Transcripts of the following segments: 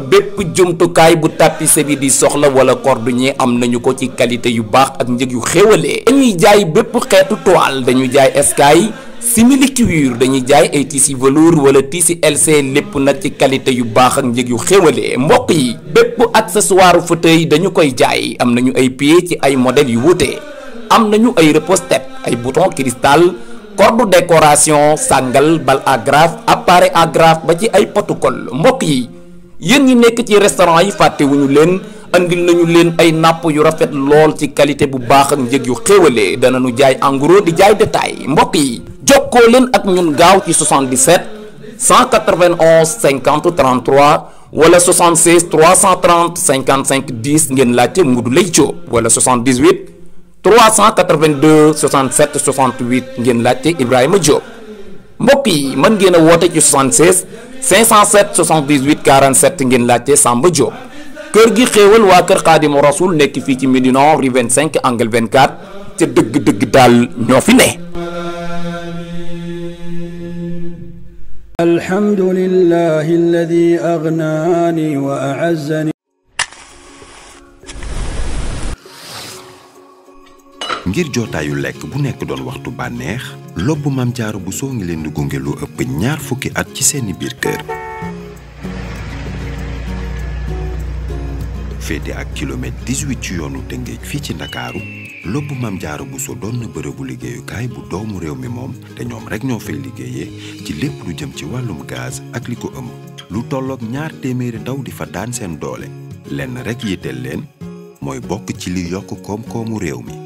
bépp jumtukaay bu tapissier bi di soxla wala cordonnier am nañu ko ci qualité yu baax ak njëg yu xéwalee dañuy jaay bépp xeetu toile dañu jaay eskay simili cuir dañuy jaay ay tissu velours wala tissu LC lépp nag ci qualité yu baax ak njëg yu xéwale mbokk yi bépp accessoire fauteuil dañu koy jaay am nañu ay pie ci ay modèles yu wuute am nañu ay repose ay bouton cristal corde decoration sangal bal agrafe appareil agrafe ba ci ay protocole mbokk yi yéen ñi nekk ci restaurant yi fàttewuñu leen andil nañu leen ay napp yu rafet lool ci qualité bu baax ak njëg yu xéwalee danañu jaay en di jaay détail mbokk yi jokkoo leen ak ñun gaaw ci 77 191 50 33 wala 76 330 55 10 ngeen laajte Ngoudu Leye Diop wala 78 382 67 68 ngeen laajte Ibrahima Diop. mbokk yi mën ngeen a woote ci 76 507 78 47 ngeen laajte Samba Diop kër gi xéewal waa kër Xaadimu Rasuul nekk fii ci Médina rue 25 angle 24 ca dëgg-dëgg daal ñoo fi ne. alhamdulillahi alladi agnaani wa a'azzani ngir jotaayu lekk bu nekk doon waxtu bànneex lobb Mame bu Bousso ngi leen di gunge lu ëpp ñaar fukki at ci seeni biir kër. féete ak kilomètre 18 ci yoonu Tëngéej fii ci Ndakaaru lobb Mame jaaro Bousso doon na bërëbu liggéeyukaay bu doomu réew mi moom te ñoom rek ñoo fay liggéeyee ci lépp lu jëm ci wàllum gaz ak li ko ëmb lu tolloog ñaar téeméeri ndaw di fa daan seen doole lenn rek yitteel leen mooy bokk ci li yokk koom-koomu réew mi.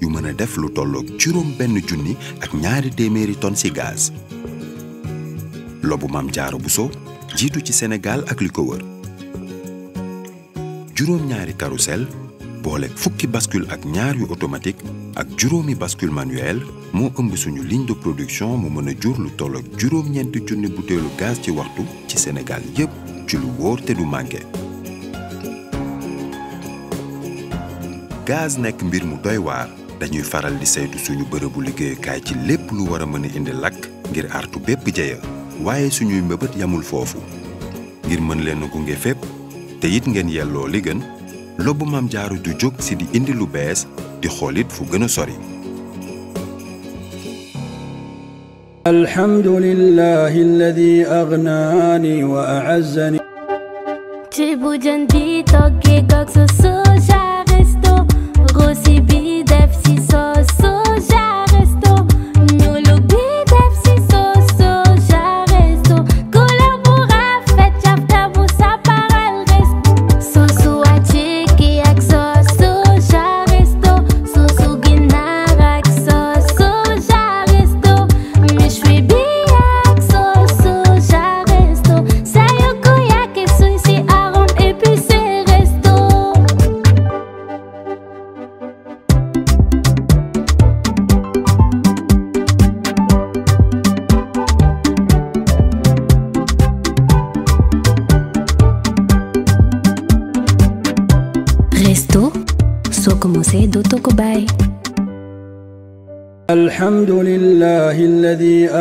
yu mën a def lu tolloog juróom junni ak ñaari téeméeri tonnes ci gaz. lobu Maam Jaara Buso jiitu ci senegal ak li ko wër juróom ñaari carrousel boole fukki bascule ak ñaar yu automatique ak juróomi bascule manuel moo ëmb suñu ligne de production mu mën a jur lu tollook juróom-ñeenti junni butéelu gaz ci waxtu ci senegal yépp ci lu wóor te du manqué. gaz nekk mbir mu doy waar dañuy faral di saytu suñu bërëbu liggéeyukaay ci lépp lu war a mën a indi lakk ngir artu bépp jeya waaye suñuy mbëbët yamul foofu ngir mën leen gunge fépp te it ngeen yelloo li gën lobbu maam jaaru du jóg si di indi lu bees di xoolit fu gën a sori. alhamdulillahi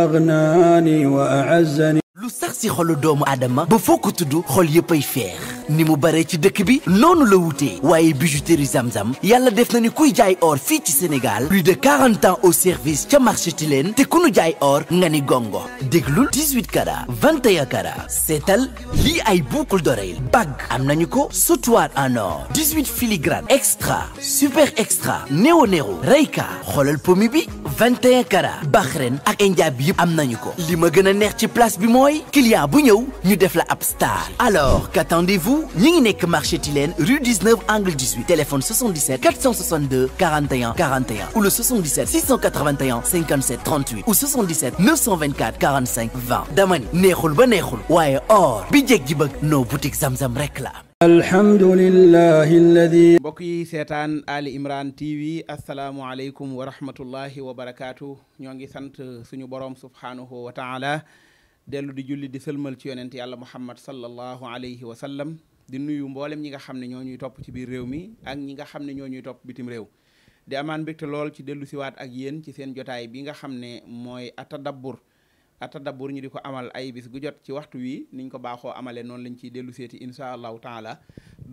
أغناني وأعزني lu sax si xolu doomu aadama ba foo ko tudd xol yépp ay feex ni mu bare ci dëkk bi noonu la wute waaye bijouterie zamzam yàlla def na ni kuy jaay or fii ci Sénégal plus de 40 ans au service ca marché Tilène te ku jaay or nga ni gongo déglul 18 carats 21 carats seetal lii ay boucle d'oreille bag am nañu ko sautoir en or 18 filigrane extra super extra néo néo reyka xolal pomi bi 21 carats Bahreïn ak India bi yëpp am nañu ko li ma gën a neex ci place bi mooy client bu ñëw ñu def la ab star alors qu'attendez-vous ñi ngi nekk marché Tilène rue 19 angle 18 téléphone 77 462 41 41 ou le 77 681 57 38 ou 77 924 45 20 dama ni neexul ba neexul waaye or bi jeg ji bëgg noo boutique Zamzam rek la alhamdulillahi alladi mbokk yi seetaan Ali Imran TV asalaamualeykum wa rahmatullahi wa barakaatu ñoo ngi sant suñu borom subhaanahu wa taala dellu di julli di sëlmal ci yonent yàlla muhammad sallallahu alayhi wa sallam di nuyu mboolem ñi nga xam ne ñoo ñuy topp ci biir réew mi ak ñi nga xam ne ñoo ñuy topp bitim réew di amaan mbégte lool ci dellu siwaat ak yéen ci seen jotaay bi nga xam ne mooy ata atadabbur atadabour ñu di ko amal ay bis gu jot ci waxtu wi niñ ko baaxoo amale noonu lañ ciy dellu seeti insha allahu taala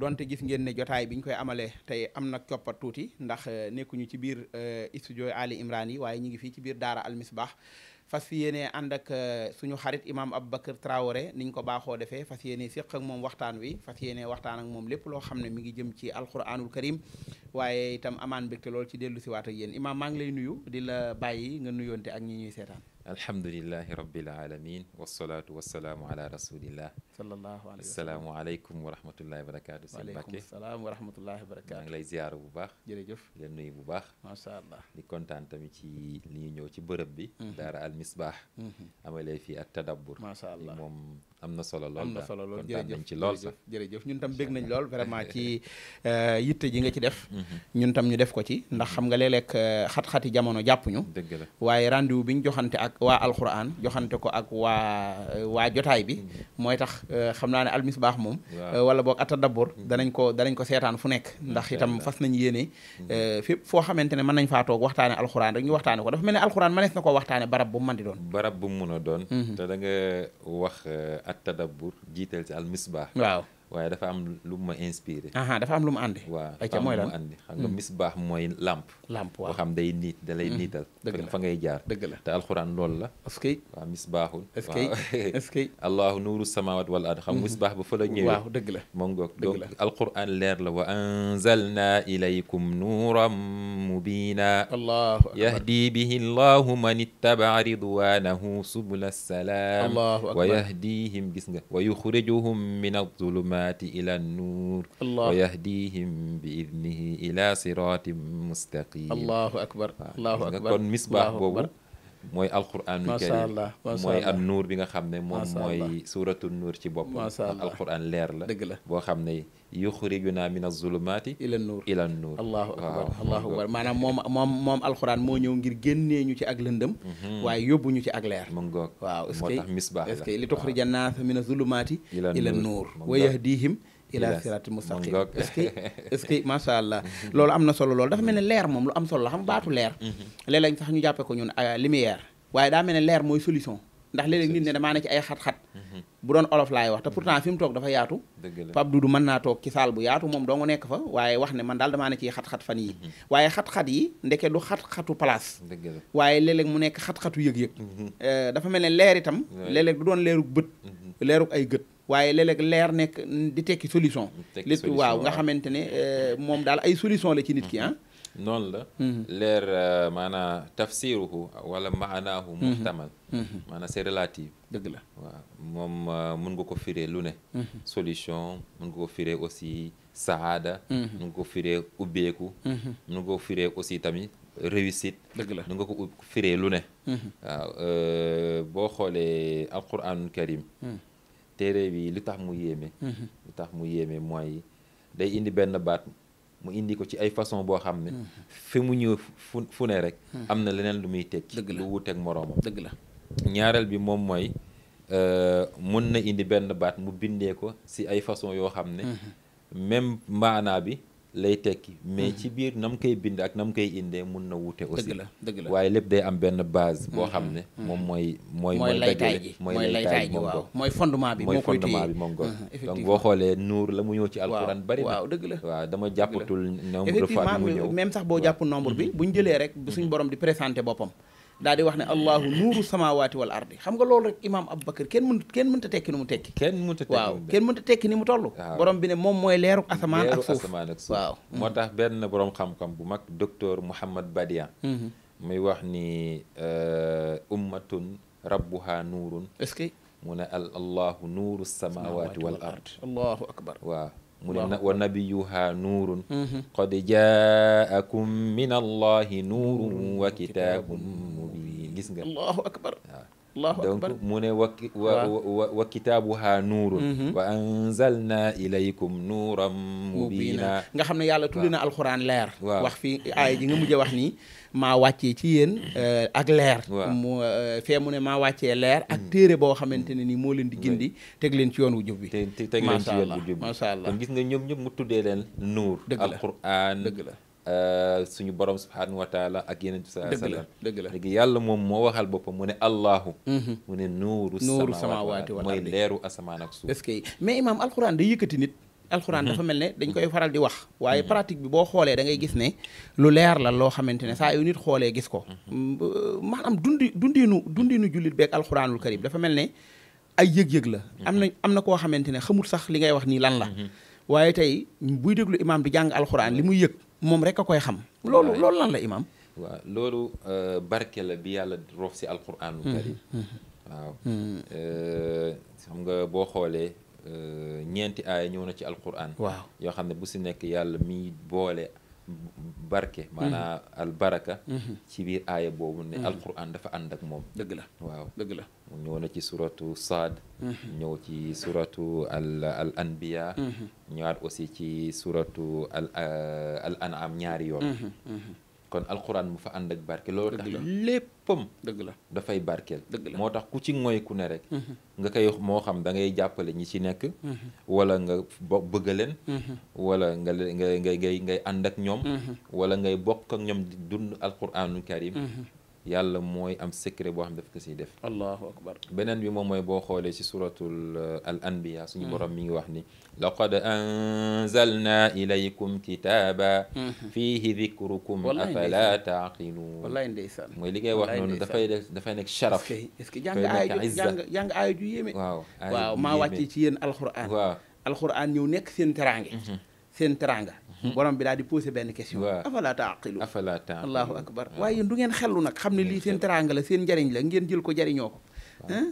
donte gis ngeen ne jotaay bi ñu koy amalee tey am na coppat tuuti ndax euh, nekkuñu ci biir euh, studio Ali Imran yi waaye ñu ngi fii ci biir daara almisbah fas yéene ànd ak euh, suñu xarit imam Aboubacar Traoré niñ ko baaxoo defee fas yéene séq ak moom waxtaan wi fas yéene waxtaan ak moom lépp loo xam ne mi ngi jëm ci alquranul karim waaye itam amaan mbégte lool ci dellu siwaat ak yéen imam maa ngi lay nuyu di la bàyyi nga nuyoonte ak ñi ñuy seetaan alhamdulillahi rabbil alamin wasalaatu wasalaamu ala rasulillah sallallahu alayhi wa sallam asalaamaaleykum wa rahmatullahi wa barakaatu sëñ Mbacke waaleykum salaam wa rahmatullahi wa barakaatu maa ngi lay ziyaara bu baax jërëjëf di leen bu baax macha allah di kontaan tamit ci li ñu ñëw ci bërëb bi mhm. daara al misbaax mhm. amalee fii ak tadabbur macha allah moom am na solo lool na solo lool jërëjëf nañ ci lool sax jërëjëf ñun tam bég nañ lool vraiment ci euh, yitte ji nga ci def mhm. ñun tam ñu def ko ci ndax xam nga léeg-léeg euh, xat-xati jamono jàpp ñu la waaye rendez-vous bi ñu joxante ak waa alquran joxante ko ak waa waa jotaay bi mooy tax Euh, xam naa ne almisbaax moom euh, wala boog atadabour mm-hmm. danañ ko danañ ko seetaan fu nekk mm-hmm. ndax itam fas nañ yéene mm-hmm. euh, fépp foo xamante ne mën nañ faa toog waxtaane alxuraan rek ñu waxtaane ko dafa mel ne alxuraan mënees na ko waxtaane barab bu mu mën di doon barab bu mu mun a doon te da nga wax atadabour jiital ci almisbaax waaw waaye dafa am lu ma inspiré. dafa am lu mu àndi. waaw dafa am lu mu àndi xam nga hmm. misbaax mooy làmp. làmp waaw boo xam day niit da lay hmm. niital. fa ngay jaar dëgg la te alxuraan loolu la. est-ce que waaw misbaaxul. est-ce que est-ce que. allahu nuuru samawaat wal ard xam misbaax hmm. ba fa la ñëwee. waaw dëgg la moom ngoog donc alxuraan leer la wa anzalna ilaykum nuuram mubiina. allahu akbar yahdi bihi allahu man ittabaa ridwaanahu subula salaam. allahu akbar wa yahdihim gis nga wa yuxrijuhum min azulumaat الظلمات إلى النور الله ويهديهم بإذنه إلى صراط مستقيم الله أكبر الله أكبر kon misbaax boobu mooy alquranul karim mooy an nuur bi nga xam ne moom mooy suratu nuur ci bopp alquran leer la dëgg la boo xam ne yuxrijuna min azulumaati ila nuur ila nuur allahu akbar allahu akbar maanaam moom moom moom alquran moo ñëw ngir génnee ñu ci ak lëndëm mhm. waaye yóbbu ñu ci ak leer mu ngoog waaw est-ce que moo tax misbaax la est-ce tuxrija naas min azulumaati ila nuur wa yahdihim ila sirati mustaqim est ce que est ce que macha allah loolu am na solo loolu dafa mel ne leer moom lu am solo la xam baatu leer mhm. léeg-léeg sax ñu jàppee ko ñun ah, lumière waaye daa mel ne leer mooy solution ndax léeg nit ne damaa ne ci ay xat-xat mhm. bu doon olof laay wax te mhm. pourtant fi toog dafa yaatu Pape Doudou mën naa toog ci saal bu yaatu moom doonga nekk fa waaye wax ne man daal damaa ne ci xat-xat fan yi waaye xat-xat yi ndeke du xat-xatu place waaye léeg mu nekk xat-xatu yëg-yëg eh, dafa mel waaye léeg leer nekk di tekki solution lépp waaw nga xamante ne euh, moom daal ay solution la ci nit ki ah mm-hmm. noonu la mm-hmm. leer euh, maanaa tafsiruhu wala maanaahu mm-hmm. muhtamal maanaa c'est relative dëgg la waaw moom euh, mun nga ko firee lu ne solution mun nga ko firee aussi saaada mun nga ko firee ubbeeku mun nga ko firee aussi tamit réussite dëgg la mun nga ko firee lu ne waaw boo xoolee alquranul karim téere bi lu tax mu yéeme. Mhm. lu tax mu yéeme yi day indi benn baat mu indi ko ci ay façon boo xam ne. Mhm. fi mu ñëw fu fu ne rek. Mhm. am na leneen lu muy tekki. dëgg la lu wuuteeg moroomam. dëgg la ñaareel bi moom mooy euh, mun na indi benn baat mu bindee ko si ay façon yoo xam ne. même maanaa bi. lay tekki mais mhm. ci biir nam koy bind ak nam koy indee mun na wuute aussi dëgg la dëgg la waaye lépp day am benn base boo mhm. xam ne mhm. moom mooy mooy mooy laytaay ji mooy laytaay ji waaw mooy fondement bi mooy fondement bi moom gox donc boo xoolee nuur la mu ñëw ci alquran bari na waaw dëgg la waaw dama jàppatul nombre de fois mu ñëw effectivement même sax boo jàpp nombre bi bu ñu jëlee rek suñ borom di présenté boppam daal di wax ne allahu nuuru samawati wal ardi xam nga loolu rek imaam Aboubacar kenn mun kenn mënta tekki ni mu tekki kenn mënta tekki waaw kenn mënta tekki ni mu toll borom bi ne moom a leeru asamaan ak suuf waaw mm. moo tax benn borom xam-xam bu mag docteur Mouhamad Badian mm-hmm. muy wax ni euh, ummatun rabbuha nuurun est-ce que mu ne al allahu nuuru samawati wal ard akbar mu ne wa nabiyuha nuurun mm-hmm. qad jaakum min allahi nuurun wa kitaabun mubin gis nga allahu akbar waaw allahu akbar donc ne wakki wa wa kitaabuha nuurun mhm. wa anzalna ilaykum nuuram mubina nga xam ne yàlla tudd na alxuraan leer waaw wax fi aaya ji nga mujj wax nii maa wàccee ci yéen euh, ak leer mu euh, fee mu ne maa wàccee leer ak mhm. téere boo xamante ne nii moo leen di gindi teg leen ci yoon wu jub bi teg leen ci yoon wu allah gis nga ñoom ñëpp mu tuddee leen nuur alxuraan dëgg la Euh, suñu borom subhanahu wa taala ak yeneen saa sallam dëgg la léegi yàlla moom moo waxal boppam mu ne allahu mhm. mu ne nuuru nuuru samawaati wala mooy leeru asamaan ak suuf est-ce que imaam alxuraan day yëkkati nit alxuraan dafa mel ne dañ koy faral di wax waaye mhm. pratique bi boo xoolee da ngay gis ne lu leer la loo xamante ne saa yu nit xoolee gis ko mhm. mm, maanaam dundi dundinu dundinu jullit beeg alxuraanul karim dafa mel ne ay yëg-yëg la am na am na koo xamante ne xamul sax li ngay wax nii lan la waaye tey buy déglu imaam di jàng alxuraan li muy yëg moom rek a koy xam. loolu loolu lan la imaam. waaw loolu euh, barke la bi yàlla roof si alquraanul karim mm-hmm. mm-hmm. waaw mm-hmm. Euh, xam nga boo xoolee euh, ñeenti aaya ñëw na ci alquraan waaw yoo xam ne bu si nekk yàlla miy boole barke maanaam albaraka ci biir aaya boobu ne alquraan dafa ànd ak moom dëgg la waaw dëgg la mu ñëw na ci suratu Saad. Mhm. ñëw ci suratu al al anbiya. Mhm. ñëwaat aussi ci suratu al euh, al ñaari yoon. Mhm, kon alquran mu fa ànd ak barke loolu tax léppam dëgg la dafay barkeel moo tax ku ci ngoy ku ne rek nga koy moo xam da ngay jàppale ñi ci nekk wala nga bëgg leen wala nga ngay ngay ngay ànd ak ñoom wala ngay bokk ak ñoom dund alquranul karim yàlla mooy am secret boo xam ne daf ko siy def allahu akbar beneen bi moom mooy boo xoolee si suratul euh, al anbiya suñu hmm. borom mi ngi wax ni laqad anzalna ilaykum kitaba hmm. fihi dhikrukum afala taqilun wallaay ndeysaan mooy li ngay wax noonu dafay def dafay nekk sharaf est-ce que jàng aaya jàng jàng aaya ju yéeme waaw waaw maa wàccee ci yéen alquran waaw alquran ñëw nekk seen teraange mm-hmm. seen teraanga Hmm. borom bi daal di posé benn question afala taaqilu afala taaqilu allahu akbar waaye yéen du ngeen xellu nag xam ne lii seen teraanga la seen njariñ la ngeen jël ko jariñoo ko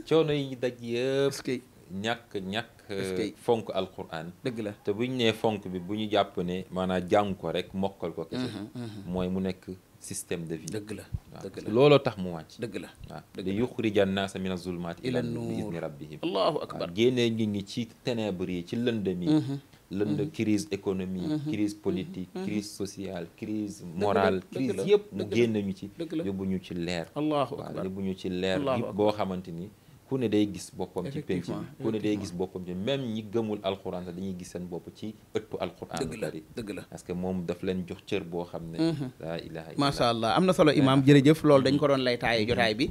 coono yi daj yëpp ñàkk ñàkk euh, fonk alquran dëgg la te bu ñu nee fonk bi bu ñu jàpp ne maanaam jàng ko rek mokkal ko kese mhm, mhm. mooy mu nekk système de vie dëgg la dëgg la looloo tax mu wàcc dëgg la waaw li yuxrija naasa mina zulumaati ila nuur bi izni rabbihim allahu akbar génnee nit ñi ci ténèbres yi ci lëndëm yi mhm. lënd mhm. crise économique mhm. crise politique mhm. crise sociale crise morale crise yëpp mu génn ñu ci yóbbu ñu ci leer allahu akbar yóbbu ñu ci leer yëpp boo xamante ni ku ne day gis boppam ci penc ku ne day gis boppam ci même ñi gëmul alxuraan sax dañuy gis seen bopp ci ëttu alxuraan dëgg la dëgg la parce que moom daf leen jox cër boo xam ne laa ilaha illa macha allah am na solo imaam jërëjëf loolu dañ ko doon lay taaye jotaay bi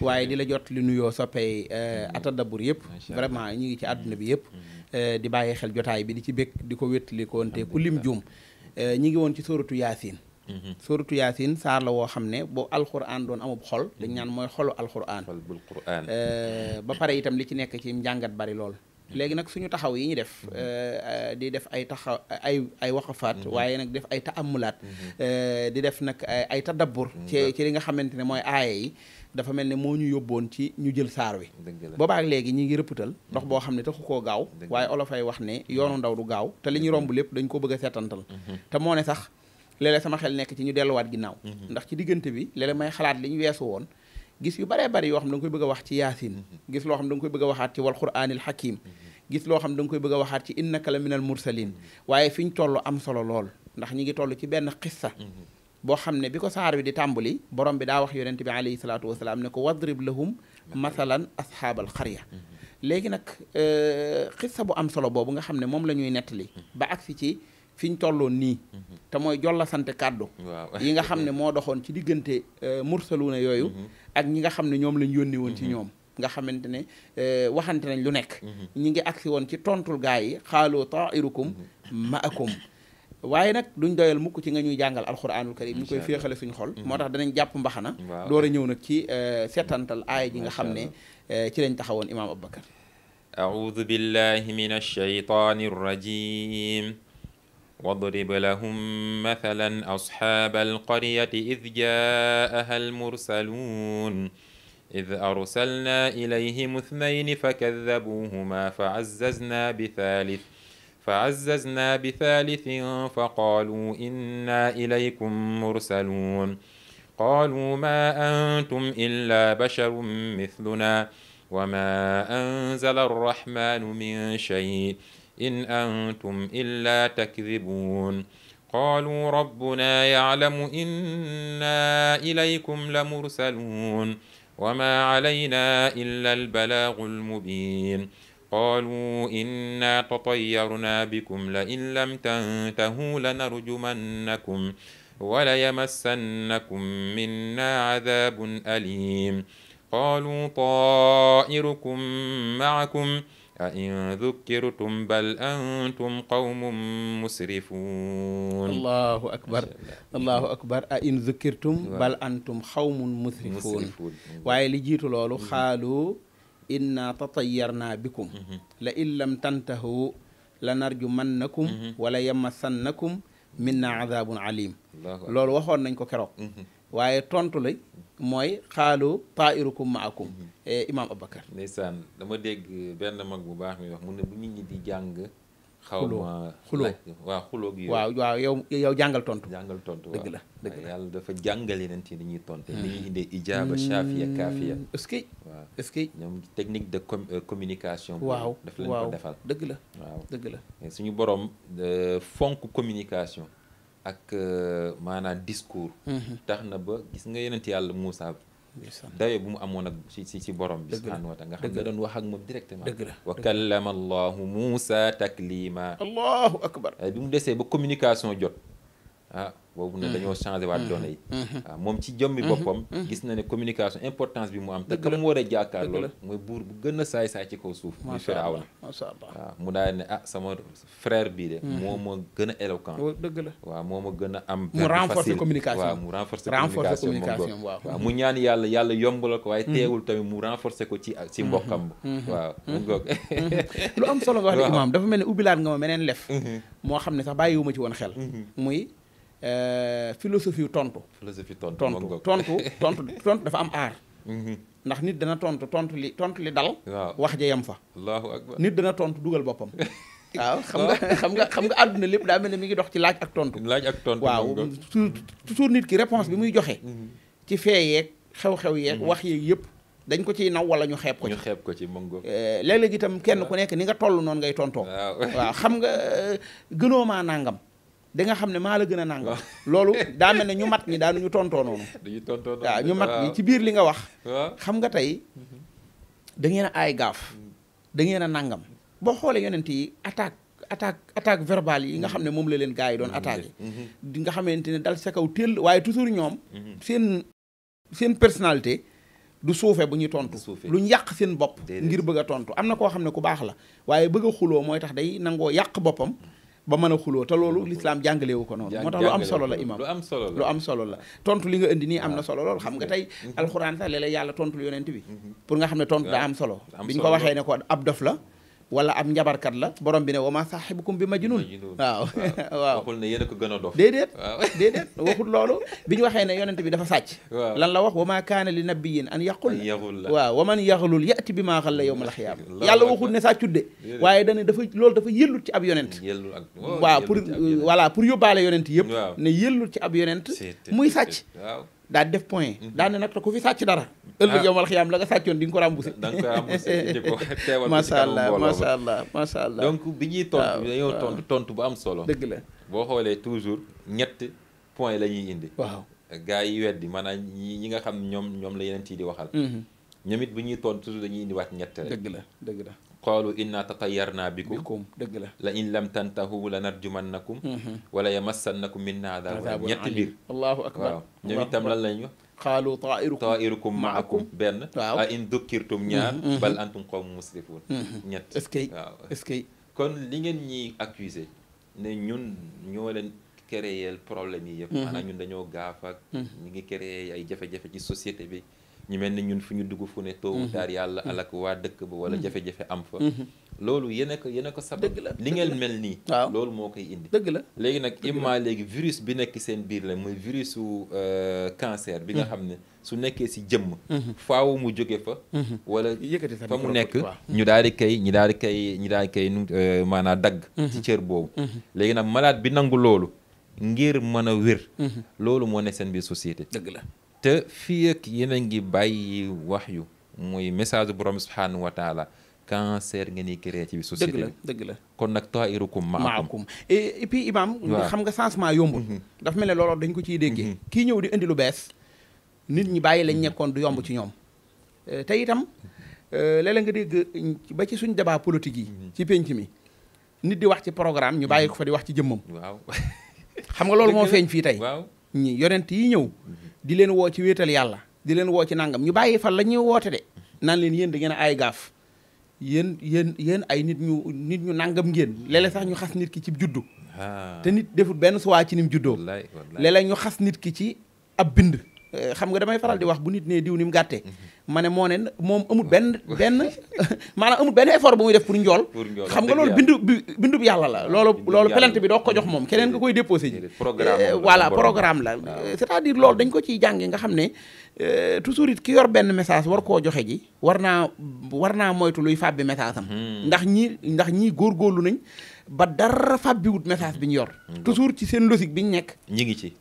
waaye di la jot li nuyoo soppee euh, atadabur yëpp vraiment ñu ngi ci àdduna bi yëpp Eh, di bàyyi xel jotaay bi di ci bég di ko wétali koonte ku lim juum eh, ñi ngi woon ci sóoratu yaasin mm-hmm. sóoratu yaasin saar la woo xam ne boo alxuraan doon amub xol dañ ñaan mooy xolu alxuraan eh, ba pare itam li ci nekk ci njàngat bari lool mm-hmm. léegi nag suñu taxaw yi ñu def mm-hmm. di def ay taxaw ay ay waxafaat waaye nag def ay taamulaat di def nag ay ta ci ci li nga xamante ne mooy aaya yi dafa mel ni moo ñu yóbboon ci ñu jël saar wi boobaak léegi ñi ngi rëppatal ndox boo xam ne taxu ko gaaw waaye olofay wax ne yoonu ndaw du gaaw te li ñu romb lépp dañ ko bëgg a seetantal mhm. te moo ne sax léeg sama xel nekk ci ñu delluwaat ginnaaw mhm. ndax ci diggante bi léeg-léeg may xalaat li ñu weesu woon gis yu baree bari yoo xam da nga koy bëgg wax ci yaasin mhm. gis loo xam da nga koy bëgg a waxaat ci wal quraanil hakim gis loo xam da nga koy bëgg a waxaat ci innaka la minal mursalin waaye fi ñu toll am solo lool ndax ñi ngi toll ci benn xissa boo xam ne bi ko saar wi di tàmbali borom bi daa wax yonent bi alayhi salaatu wasalaam ne ko wadrib lahum masalan asxaabal xarya léegi nag euh, xissa bu am solo boobu nga xam ne moom la ñuy nettali ba agsi ci fi ñu tolloon nii te mooy jolla sant kàddu yi nga xam ne moo doxoon ci diggante euh, mursaluuna yooyu mhm. ak ñi nga xam ne ñoom lañu yónni woon ci mhm. ñoom nga xamante ne euh, waxante nañ lu nekk mhm. ñi ngi agsi woon ci tontul gaa yi xaaloo tairukum maakum waaye nag duñ doyal mukk ci nga ñuy jàngal alxuraanul karim ñu koy féexale suñu xol mm-hmm. moo tax danañ jàpp mbaxana door ñëw nag ci eh, seetantal mm-hmm. aaya nga xam ne eh, ci lañ taxawoon imaam Abubakar أعوذ بالله من الشيطان الرجيم واضرب لهم مثلا أصحاب القرية إذ جاءها المرسلون إذ أرسلنا إليهم اثنين فكذبوهما فعززنا بثالث فعززنا بثالث فقالوا إنا إليكم مرسلون قالوا ما أنتم إلا بشر مثلنا وما أنزل الرحمن من شيء إن أنتم إلا تكذبون قالوا ربنا يعلم إنا إليكم لمرسلون وما علينا إلا البلاغ المبين قالوا إنا تطيرنا بكم لئن لم تنتهوا لنرجمنكم وليمسنكم منا عذاب أليم قالوا طائركم معكم أئن ذكرتم بل أنتم قوم مسرفون الله أكبر الله أكبر أئن ذكرتم بل أنتم قوم مسرفون waaye li jiitu loolu xaalu inna tatayyarna bikum mhm. la in lam tantahu la narjumannakum mhm. wala yamassannakum minna azabun alim loolu waxoon nañ ko keroog mhm. waaye tontu la mooy xaalu tairukum maakum eh, imaam Abubakar ndeysaan dama dégg benn mag bu baax mi wax mu ne bu nit ñi di jàng xuloo xuloo waaw xuloo gi waaw waaw yow yow jàngal tontu jàngal tontu dëgg la dëgg la yàlla dafa jàngal yeneen ci ni ñuy tonte ni ñuy hmm. indee ijaaba shaafiya hmm. kaafiya est-ce que waaw est-ce que ñoom technique de euh, communication waaw daf lañ ko defal dëgg la waaw dëgg la suñu borom euh, fonk communication ak euh, maanaam discours hmm. tax na ba gis nga yeneen yàlla Moussa dayo bu mu amoon ak si si si borom bi subhanahu wa taala nga xam ne da doon wax ak moom directement wa kallama allahu muusa taklima allahu akbar bi mu desee ba communication jot ah boobu ne dañoo changé waat données yi waaw ah, moom ci jëmmi boppam gis na ne communication importance bi mu am te ka mu war mooy buur bu gën a saay-saay ci kaw suuf muy Firawna waaw ah, mu daal ne ah sama frère bii de moo gën a éloquent oh, dëgg la waaw a mu renforcer communication waaw mu renforcer communication yàlla yàlla yombal ko waaye teewul tamit mu renforcer ko ci ci mbokkam waaw lu am solo nga wax ne dafa mel ne ubbilaat nga ma meneen lef moo xam ne sax bàyyiwu ma ci woon xel muy Euh, philosophie yu tontu. philosophie tontu tontu tontu tontu dafa am aar. Mhm. ndax nit dana tontu tontu li tontu li dal. wax ja yam fa. nit dana tontu dugal boppam. waaw xam nga xam nga xam nga àdduna lépp daal mel ne mi ngi dox ci laaj ak tontu. laaj ak tontu waaw toujours nit ki réponse bi muy joxe. Mhm. ci fee yeeg xew-xew yeeg. Mhm. wax yeeg yëpp. dañ ko ciy naw wala ñu xeeb ko ci ñu xeeb ko ci mën euh, léeg itam kenn ku nekk ni nga toll noonu ngay tontoo. waaw xam nga euh, gënoo maa nangam. di nga xam ne maa la gën a nangam loolu daa mel ne ñu mat ñi daanu ñu tontoo noonu waaw ñu mat ñi ci biir li nga wax xam nga tey mm-hmm. da ngeen a aay gaaf mm-hmm. da ngeen a nangam boo xoolee yonent yi attaque attaque attaque verbale yi nga xam ne moom la leen gars yi doon mm-hmm. attaque di nga xamante ne dal sa kaw téel waaye toujours ñoom seen seen personnalité du suufee bu ñuy tontu lu ñu yàq seen bopp ngir bëgg a tontu am na koo xam ne ku baax la waaye bëgg a xuloo mooy tax day nangoo yàq boppam ba mën a xuloo te loolu mm. lislaam jàngale ko noonu moo tax lu am solo la imam lu am solo la lu am solo la tontu li nga indi nii am na ah. solo lool xam nga mm-hmm. tey mm-hmm. alxuraan sax léeg yàlla tontu yonent bi mm-hmm. pour nga xam ne tontu daa am solo bi biñ ko waxee ne ko ab dof la wala ab njabarkat la borom bi ne wa ma saaxibukum bi majnun waaw waaw waxul ne yéen a ko gën a dof déedéet déedéet bi ñu waxee ne yonent bi dafa sàcc lan la wax wa ma kaana li nabiyin an yaqul la waaw wa man yaxlul yati bi maa xalla yawmal xiyaama yàlla waxul ne sàccut de waaye dane dafa loolu dafa yëllut ci ab yonent waaw pour voilà pour yóbbaale yonent yëpp ne yëllut ci ab yonent muy sàcc daa def point mhm. daa ne nag te ku fi sàcc dara ëllëg ah. yow mal xiyaam la nga sàccoon di nga ko remboursé da nga ko allah macha allah macha bi ñuy tontu dañoo tontu tontu bu am solo dëgg la boo xoolee toujours ñett point la ñuy indi waaw gars yi weddi maanaam ñi ñi nga xam ñoom ñoom la yeneen tii di waxal mhm. ñoom it bu ñuy tontu toujours dañuy indi waat ñett rek la dëgg la qaalu inna tatayyarna bikum dëgg la la in lam tantahu la narjumannakum mm-hmm. wala yamassannakum minna adabun ñetti biir allahu akbar waaw ñoom itam lan lañ wax qaalu tairukum tairukum maakum benn waaw a in dukkirtum ñaar mm-hmm. Mm-hmm. bal antum qawmu musrifun ñett est-ce que waaw est-ce que kon li ngeen ñiy accusé ne ñun ñoo leen créer problème yi yëpp maanaam ñun dañoo gaaf ak ñu ngi créer ay jafe-jafe ci société bi ñu mel ni ñun fu ñu dugg fu ne tôt ou mhm. yàlla mhm. alak waa dëkk ba wala mhm. jafe-jafe am fa loolu yéen a ko yéen a ko sabab li ngeen mel nii waaw loolu moo koy indi dëgg la léegi nag imma léegi virus bi nekk seen biir la muy virusu euh, cancer bi nga xam ne su nekkee si jëmm faaw mu jóge fa wala fa mu nekk ñu daal di kay ñu daal di kay ñu daal di kay euh, maanaa dagg ci cër boobu léegi nag malaat bi nangu loolu ngir mën a wér loolu moo ne seen biir société dëgg la te fii ak yéen a ngi bàyyi wax yu muy message borom subhaanahu wa taala cancer ngeen di créé ci société bi dëgg la dëgg la kon nag tairukum maakum et puis imam xam nga changement yombul mm-hmm. dafa mel ne looloo dañ ko ciy déggee mm-hmm. kii ñëw di indi lu bees nit ñi bàyyi lañ nekkoon du yomb ci ñoom euh, te itam euh, léeg-léeg nga dégg ba ci suñ débat politique yi mm-hmm. ci penc mi nit di wax ci programme ñu bàyyi ko fa di wax ci jëmmam xam nga loolu moo feeñ fii tey ñi yonent yi ñëw di leen woo ci wéetal yàlla di leen woo ci nangam ñu bàyyi fan la ñuy woote de naan leen yéen da ngeen ay gaaf yéen yéen yéen ay nit ñu nit ñu nangam ngeen léeg sax ñu xas nit ki ci juddu ah. te nit defut benn suwaa ci ni mu juddoo léeg ñu xas nit ki ci ab bind xam nga damay faral di wax bu nit nee diw ni mu gàttee mhm. ma ne moo ne moom amul benn benn maanaam amul benn effort bu muy def pour njool xam nga loolu bindu bindu bi yàlla la ah, loolu loolu plainte bi doo ko jox mm-hmm. moom keneen nga koy déposé ji eh, voilà programme la ah, euh, c'est-à-dire lool dañ ko ci jànge nga xam ne euh, toujours it ki yor benn message war koo joxe ji war naa war naa moytu luy fàbbi message am mm-hmm. ndax ñi ndax ñii góor góorlu nañ ba dara fàbbiwut message bi ñu yor. Mm-hmm. toujours ci seen logique bi ñu nekk. ñi ngi ci.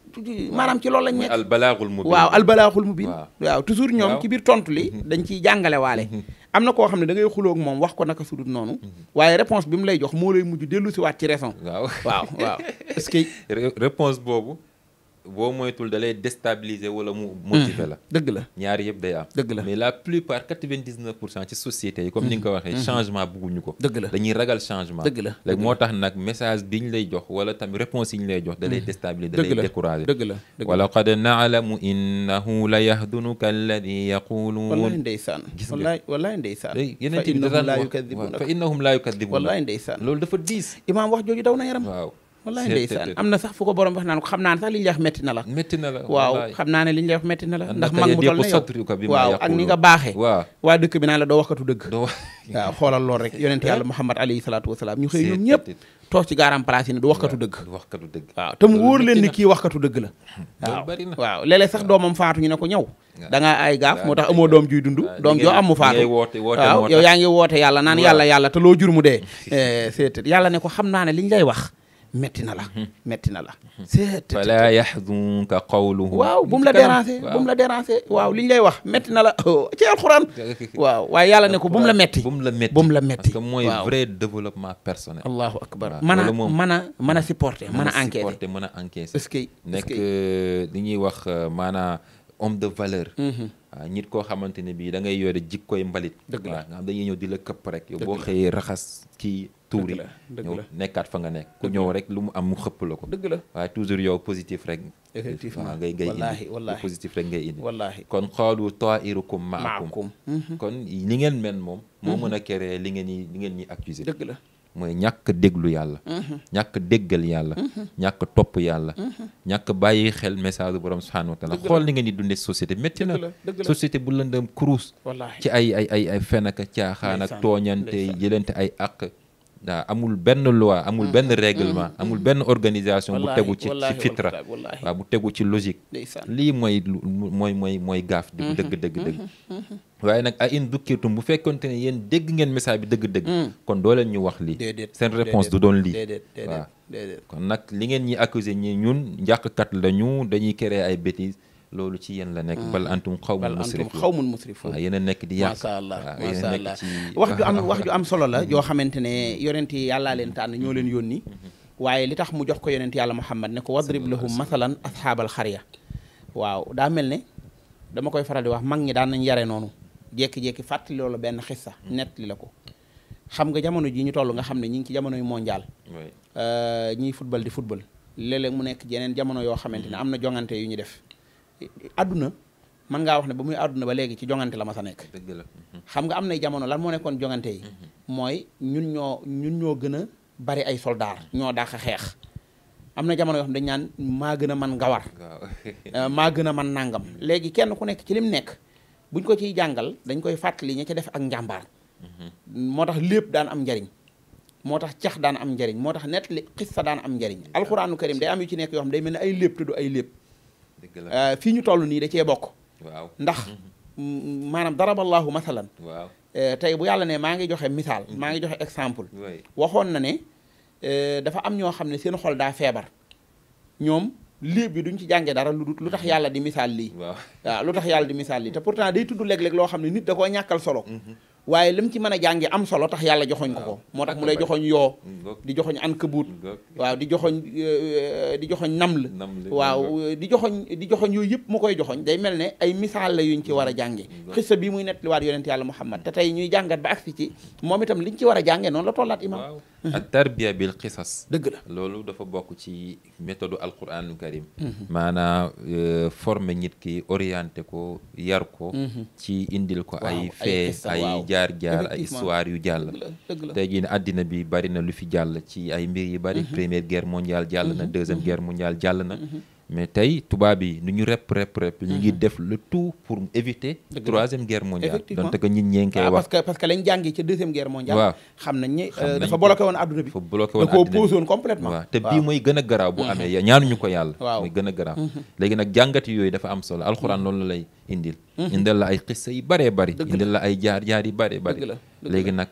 maanaam ci loolu lañ nekk. albalaaxul mubin waaw albalaaxul mubin waaw toujours ñoom ci biir tontu li. Mm-hmm. dañ ciy jàngale waale. Mm-hmm. am na koo xam ne dangay ngay moom wax ko naka sudut noonu. waaye réponse bi mu lay jox moo lay mujj dellu si waat ci raison. waaw waaw waaw est-ce que. réponse boobu. boo moytul da lay déstabiliser wala mu hmm. motiver la dëgg la ñaari yëpp day la mais la plupart quatre pour cent ci société yi comme ni nga ko hmm. waxee hmm. changement bëgguñu ko dëgg la dañuy ragal changement dëgg la léegi moo tax nag message bi ñu lay jox wala tamit réponse yi ñu lay jox da lay déstabiliser da lay décourager dëgg la wa laqad naalamu innahu la yahdunuka alladi yaquluun wallaay ndeysaan gis nga wallaay ndeysaan yeneen ti fa innahum la yukadibuna fa innahum la yukadibuna wallaay ndeysaan loolu dafa diis imaam wax jooju daw na yaram wallaay ndeysaan am na sax fu ko borom wax naan ko xam naa ne sax li lay wax metti na la metti na la waaw xam naa ne li ñu lay wax metti na la ndax mag mu toll na yow ak ni nga baaxee waaw waa dëkk bi doo waxkatu dëgg waaw xoolal lool rek yàlla eh? Muhammad alayhi salaatu wasalaam ñu xëy ñoom ñëpp toog ci gaaram place yi ne du waxkatu dëgg du waxkatu dëgg waaw te mu wóor leen ni kii waxkatu dëgg la waaw waaw léeg sax doomam faatu ñu ne ko ñëw da nga ay gaaf moo tax amoo doom juy dund doom joo am mu faatu waaw yow yaa ngi woote yàlla naan yàlla yàlla te loo jur mu dee eh, seet yàlla ne ko xam naa ne li ñu lay wax metti na la mhm. metti na la mhm. seet fala yaxzunka qawluhu waaw bu mu la déranger waaw li ñu lay wax metti na la oh, ci alxuraan waaw waa yàlla ne ko bu la metti bu mu la metti bu mu la metti parce que mooy vrai développement personnel allahu akbar mën a mën a mën a supporter mën a encaisser mën a encaisser est-ce que nekk euh, li wax euh, maanaa homme de valeur waaw mhm. ah, nit koo xamante ne bii da ngay yore jikkoy mbalit dëgg la nga xam dañuy ñëw di la këpp rek yow boo xëyee raxas kii tuur yi ñëw nekkaat fa nga nekk ku ñëw rek lu mu am mu xëpp la ko dëgg la waaye toujours yow positif rek effectivement ngay ngay indi lu positif rek ngay indi wallaahi kon xoolu tairukum maakum mhm. kon li ngeen men moom moo mhm. mën a créer li ngeen ñi li ngeen ñuy accuser dëgg la mooy ñàkk déglu yàlla mhm. ñàkk déggal yàlla ñàkk topp yàlla ñàkk bàyyi xel message bu borom subhanahu wa xool ni nga ni dundee société métti na société bu lëndëm cruise ci ay ay caaxaan ak tooñante jëlante ay àq waaw amul benn loi amul benn mm-hmm. règlement mm-hmm. amul benn organisation bu tegu ci ci fitra waaw bu tegu ci logique lii mooy mooy mooy mooy gaaf di mm-hmm. dëgg dëgg dëgg waaye nag a in bu fekkonte ne yéen dégg ngeen message bi dëgg-dëgg mm. kon doo leen ñu wax lii seen réponse du doon lii waaw kon nag li ngeen ñi accuser ñi ñun njàqkat lañu dañuy créer ay bêtises loolu ci yéen la nekk hmm. bal antum xawmun musrifun xaw mun musrifun waaw yéen nekk di yàq macha allah macha allah wax ju am wax ju am solo la hmm. yoo xamante ne yonent yi yàllaa leen tànn ñoo leen yoon yónni hmm. waaye li tax mu jox ko yonent yàlla muhammad ne ko wadrib lahum masalan ashaabal xarya waaw daa mel ne dama koy faral di wax mag ñi daan nañ yare noonu jékki-jékki fàttali loolu benn xissa nett li la ko xam nga jamono ji ñu toll nga xam ne ñi ngi ci jamono yu mondial euh, ñiy football di football léeg-léeg mu nekk yeneen jamono yoo xamante ne am na jongante yu ñu def àdduna mën ngaa wax ne ba muy àdduna ba léegi ci jongante la ma sa nekk. dëgg la xam nga am nay jamono lan moo nekkoon jongante yi. Mhm. mooy ñun ñoo ñun ñoo gën a bari ay soldaar ñoo dàq xeex. am na jamono yoo xam dañ naan maa a man nga war euh, maa gën a man nangam léegi kenn ku nekk ci lim nekk buñ ko ciy jàngal dañ koy fàttali ña ca def ak njàmbaar mhm. moo tax lépp daan am njariñ moo tax cax daan am njariñ moo tax nettali sa daan am njariñ alxuraanu karim day am yu ci nekk yoo xam day mel ni ay lépp te du ay lépp Euh, fii ñu toll nii da cee bokk ndax mhm. maanaam dara daraballaahu mathalan waaw euh, tey bu yàlla ne maa ngi joxe misaal mhm. maa ngi joxe exemple waxoon na ne euh, dafa am ñoo xam ne seen xol daa feebar ñoom lii bi duñ ci jànge dara lu du lu tax yàlla di misaal lii waaw lu tax yàlla di misaal lii te pourtant day tudd léeg loo xam ne nit da koo ñàkkal solo mhm. waaye lim ci mën a jàngi am solo tax yàlla joxoñ ko ko moo tax mu lay joxoñ yoo mm, di joxoñ ankabut waaw di joxoñ euh, di joxoñ naml waaw euh, di joxoñ di joxoñ yooyu yëpp mu koy joxoñ day mel ne ay misaal la yuñ ci war a jànge mm, xissa bi muy nettaliwaat yonent yàlla muhammad te tey ñuy jàngat ba agsi ci moom itam liñ ci war a jànge noonu la tollaat imam ak mhm. tarbiya bil qisas dëgg loolu dafa bokk ci méthode alquranul karim mhm. maanaam euh, former nit ki orienté ko yar ko mhm. ci indil ko ay fee ay jaar jaar ay histoire yu jàll tey jii ne àddina bi bari na lu fi jàll ci ay mbir yi bari première guerre mondiale jàll na deuxième guerre mondiale jàll na mais tey tubaab yi nu ñu rep rep rep. ñu ngi mhm. def le tout pour éviter. troisième guerre mondiale donte que nit ñee ngi koy ah, wax. parce que parce que lañ jàngee ca deuxième guerre mondiale. waaw xam nañ ne euh, dafa bloqué woon adduna bi. dafa bloqué woon adduna bi da koo posé woon mooy gën garaaw bu mhm. amee ñaanuñu ko yàlla. waaw mooy gën a garaaw. Mhm. léegi nag jàngati yooyu dafa am solo alxuraan loolu la lay indil. indil la ay xissa yi bëree bëri. indil la ay jaar jaar yi bëree bëri. léegi nag.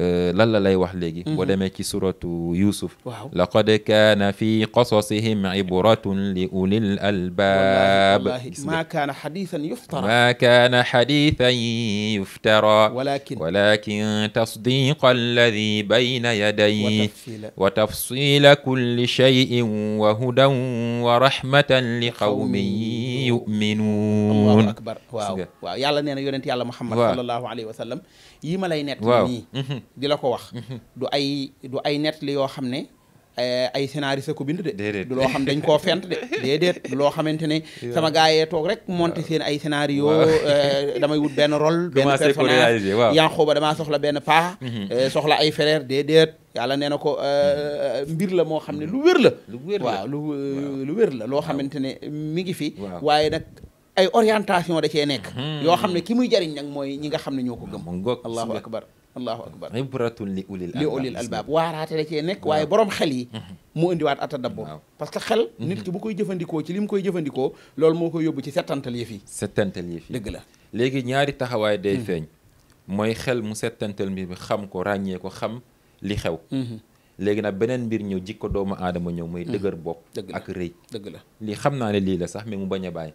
Euh, lan la lay wax léegi mhm. boo demee ci suratu yusuf laqad kaana fi qasasihim ibratun li ulil albaab ma kaana xadiisan yuftara ma kaana xadiisan yuftara walakin tasdiqa alladi bayna yadayhi wa tafsila kulli shayin wa hudan wa rahmatan li qawmin yu'minuun allahu akbar waaw waaw yàlla nee na yonent yàlla muhammad sallallahu alayhi wa sallam yi ma lay nett nii mhm. di la ko wax mhm. du ay du ay nett li yoo xam ne Eh, ay scénariste ko bind de du loo xam dañ koo fent loo xamante ne sama gars yee toog rek monté seen ay scénario eh, damay wut benn rôle benn personnage Yankoba damaa soxla benn pa mm-hmm. eh, soxla ay frère déedéet yàlla nee na ko mm-hmm. mbir la moo xam ne lu mm-hmm. wér la lu wér la waaw lu lu wér la loo xamante ne mi ngi fi waaye nag ay orientation de cee nekk yoo xam ne ki muy jariñ nag mooy ñi nga xam ne ñoo ko gëm allahu akbar allahu akbar ibratun li ulil li ulil albab waaraate da cee nekk waaye borom xel yi moo mhm. indiwaat atadabbur parce que xel mhm. nit bu koy jëfandikoo ci li mu koy jëfandikoo loolu moo koy yóbbu ci settantal yëf yi settantal yëf yi la léegi ñaari taxawaay day mhm. feeñ mooy xel mu settantal mbir mi xam ko ràññee ko xam li xew léegi nag beneen mbir ñëw ko doomu aadama ñëw muy dëgër bopp ak rëy dëgg la lii xam naa ne lii la sax mee mu bañ a bàyyi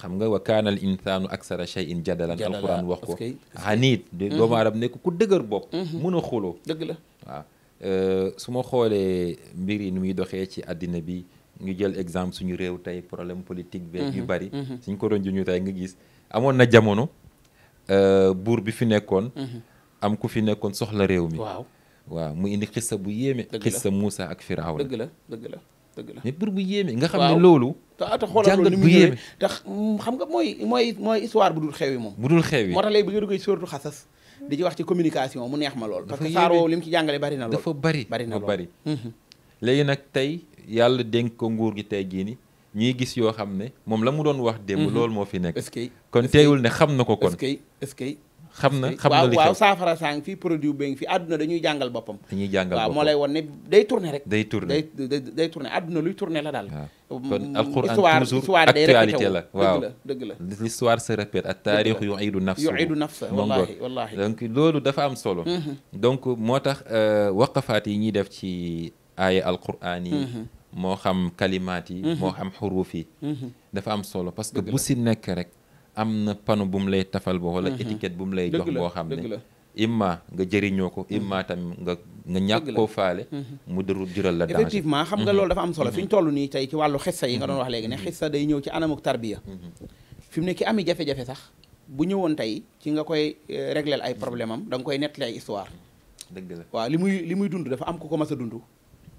xam nga wa kaana al insaanu aksara shay'in jadalan alquran wax ko hanit mm-hmm. doomu aadama nekk ku dëgër bopp mun mm-hmm. a xuloo dëgg la waaw euh, su ma xoolee mbir yi nu muy doxee ci àddina bi ñu jël exemple suñu réew tey problème politique beeg yu mm-hmm. bari suñ ko doon juñu tey nga gis amoon na jamono euh, buur bi fi nekkoon am ku fi nekkoon soxla réew mi waaw waaw mu indi xissa bu yéeme xissa Muusa ak Firawna dëgg la la dëgg la mais pour bu yéeme. nga xam ne loolu. te xoolal jàngat bu yéeme tax mm, xam nga mooy mooy mooy histoire bu dul xew moom. bu dul xew yi moo tax léegi bi nga duggee surtout xasas. di ci wax ci communication mu neex ma lool. parce que saar woowu li mu ci jàngale bari na lool dafa bari bari na lool mhm. léegi nag tey yàlla dénk ko nguur gi tey jii ni ñuy gis yoo xam ne moom la mu doon wax démb mhm. loolu moo fi nekk. kon teewul ne xam na ko kon est-ce xam na xam na li waaw saafara saa ngi fii produit bee ngi fi àdduna dañuy jàngal boppam dañuy jàngal boppam waaw moo lay won ne day tourné rek day tourné day day tourné àdduna luy tourné la daal mm, kon alquran toujours actualité la waaw dëgg la l'histoire se répète ak taarix yu idu nafsa yu idu nafsa wallahi wallahi donc loolu dafa am solo mm-hmm. donc moo tax euh, waqafaat yi ñuy def ci aaya alquran yi mm-hmm. moo xam kalimaat yi mm-hmm. moo xam xuruuf yi dafa am solo parce que bu si nekk rek am na panneau bu mu lay tafal ba wala étiquette bu mu lay jox boo xam ne imma nga jëriñoo ko imma mhm. tam nga nga ñàkk koo faale mhm. mu duru jural la danger effectivement xam nga mhm. loolu dafa am solo fi ñu toll nii tey ci wàllu xissa yi nga doon wax léegi ne xissa day ñëw ci anamuk tarbiya fi mu ne ki ami jafe-jafe sax bu ñëwoon tey ci nga koy eh, régleel ay problème am da nga koy nett ay histoire dëgg la waaw li muy li muy dund dafa am ko ko mas a dund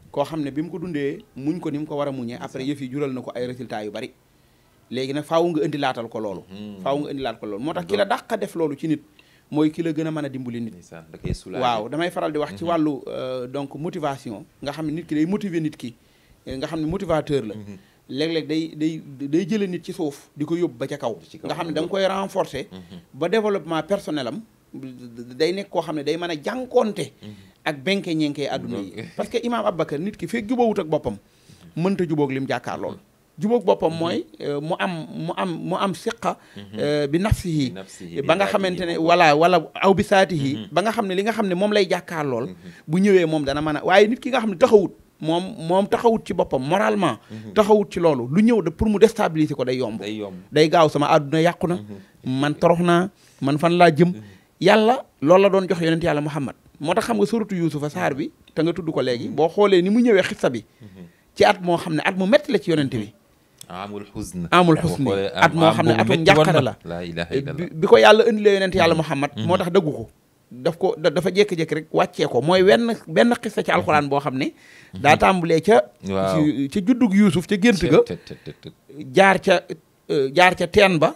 koo xam ne bi mu ko dundee muñ ko ni mu ko war a muñee après yëf yi jural na ko ay résultat yu bari léegi nag faaw nga indi laatal ko loolu hmm. faaw nga indi ko loolu moo tax ki la dàq def loolu ci nit mooy ki gën a mën a dimbali nit waaw damay faral di wax ci hmm. wàllu euh, donc motivation nga xam ne nit ki day motiver nit ki nga xam ne motivateur la hmm. léeg day day day jële nit ci suuf di ko yóbbu ba ca kaw nga xam ne da nga koy renforcer ba développement personnel am day nekk koo xam ne day mën a jànkoonte ak benke ñenke àdduna yi parce que imaam Aboubacar nit ki fekk jubóowut ak boppam mënta jubóog lim jàkkaar lool jubóog boppam mhm. mooy euh, mu am mu am mu am siqa mhm. euh, bi nafsihi ba nga xamante ne wala wala aw bi saatihi mhm. ba nga xam ne li nga xam ne moom lay jàkkaar lool bu ñëwee moom dana mën a waaye nit ki nga xam ne taxawut moom moom ci boppam moralement taxawut ci loolu lu ñëw da pour mu déstabiliser ko day yomb day gaaw sama àdduna yàqu na man torox naa man fan laa jëm yàlla loolu la doon jox yonent yàlla muhammad moo tax xam nga suratu yuusufa saar bi te nga tudd ko léegi boo xoolee ni mu ñëwee xissa bi ci at moo xam ne at mu métti la ci yonent bi amul xusn amul at moo xam ne atum njàqare la bi ko yàlla indilee yonent yàlla mm-hmm. Muhammad mm-hmm. moo tax dëggu ko daf ko dafa jékki-jékki rek wàccee mooy wenn benn xista ci alxuraan boo xam ne mm-hmm. daa tàmbulee ca ca juddug Yuusuf ca gént ga jaar ca euh, jaar ca teen ba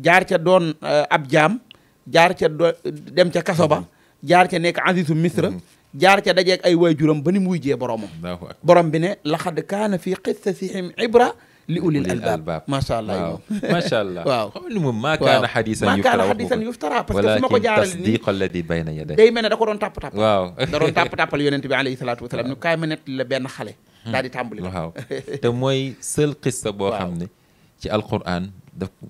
jaar ca doon euh, ab jaam jaar ca dem ca kaso ba jaar ca nekk azizu misra jaar ca dajeeg ay waajuram ba ni muy jee borom bi ne laxad kaana fi qissasihim ibra li ulil albaab macha allah waaw macha allah waaw xam li yuftara parce que su ma ko jaarale nii tasdiqa alladi bayna yaday day mel ne da ko doon tàpp tàppal waaw da doon tàpp tàppal yonent bi alayhi salaatu wasalaam ñu kaay ma nett la qissa hmm. boo xam ne ci alquran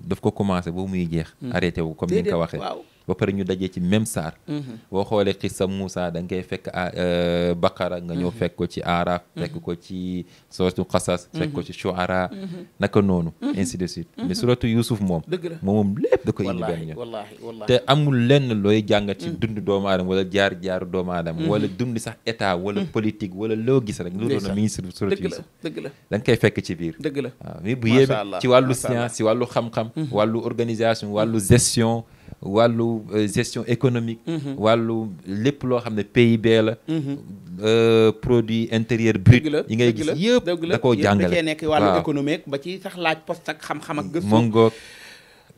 daf ko commencé ba muy jeex hmm. arrêté wu comme ni nga ko waxee waaw ba pare ñu dajee ci même saar mhm. boo xoolee xisa Moussa da ngay fekk ah, euh, Baqara nga ñëw mhm. fekk ko ci Araf fekk mhm. ko ci suratu Qasas fekk ko ci Shuara naka noonu ainsi de suite mais suratu Yusuf moom moom lépp da koy indi benn amul lenn looy jàngat ci dund doomu aadama wala jaar jaaru doomu aadama wala dund sax état wala politique wala loo gis rek lu doon mi ngi sur suratu Yusuf dëgg la da nga koy fekk ci biir dëgg la waaw mais bu yéeme ci wàllu science ci wàllu xam-xam wàllu organisation wàllu gestion wàllu euh, gestion économique. Mm-hmm. wàllu lépp loo xam ne PIB la. Mm-hmm. Euh, produit intérieur brut. yi ngay gis dëgg la koo jàngale nekk wàllu économique ba ci sax laaj poste ak xam-xam ak gëstu.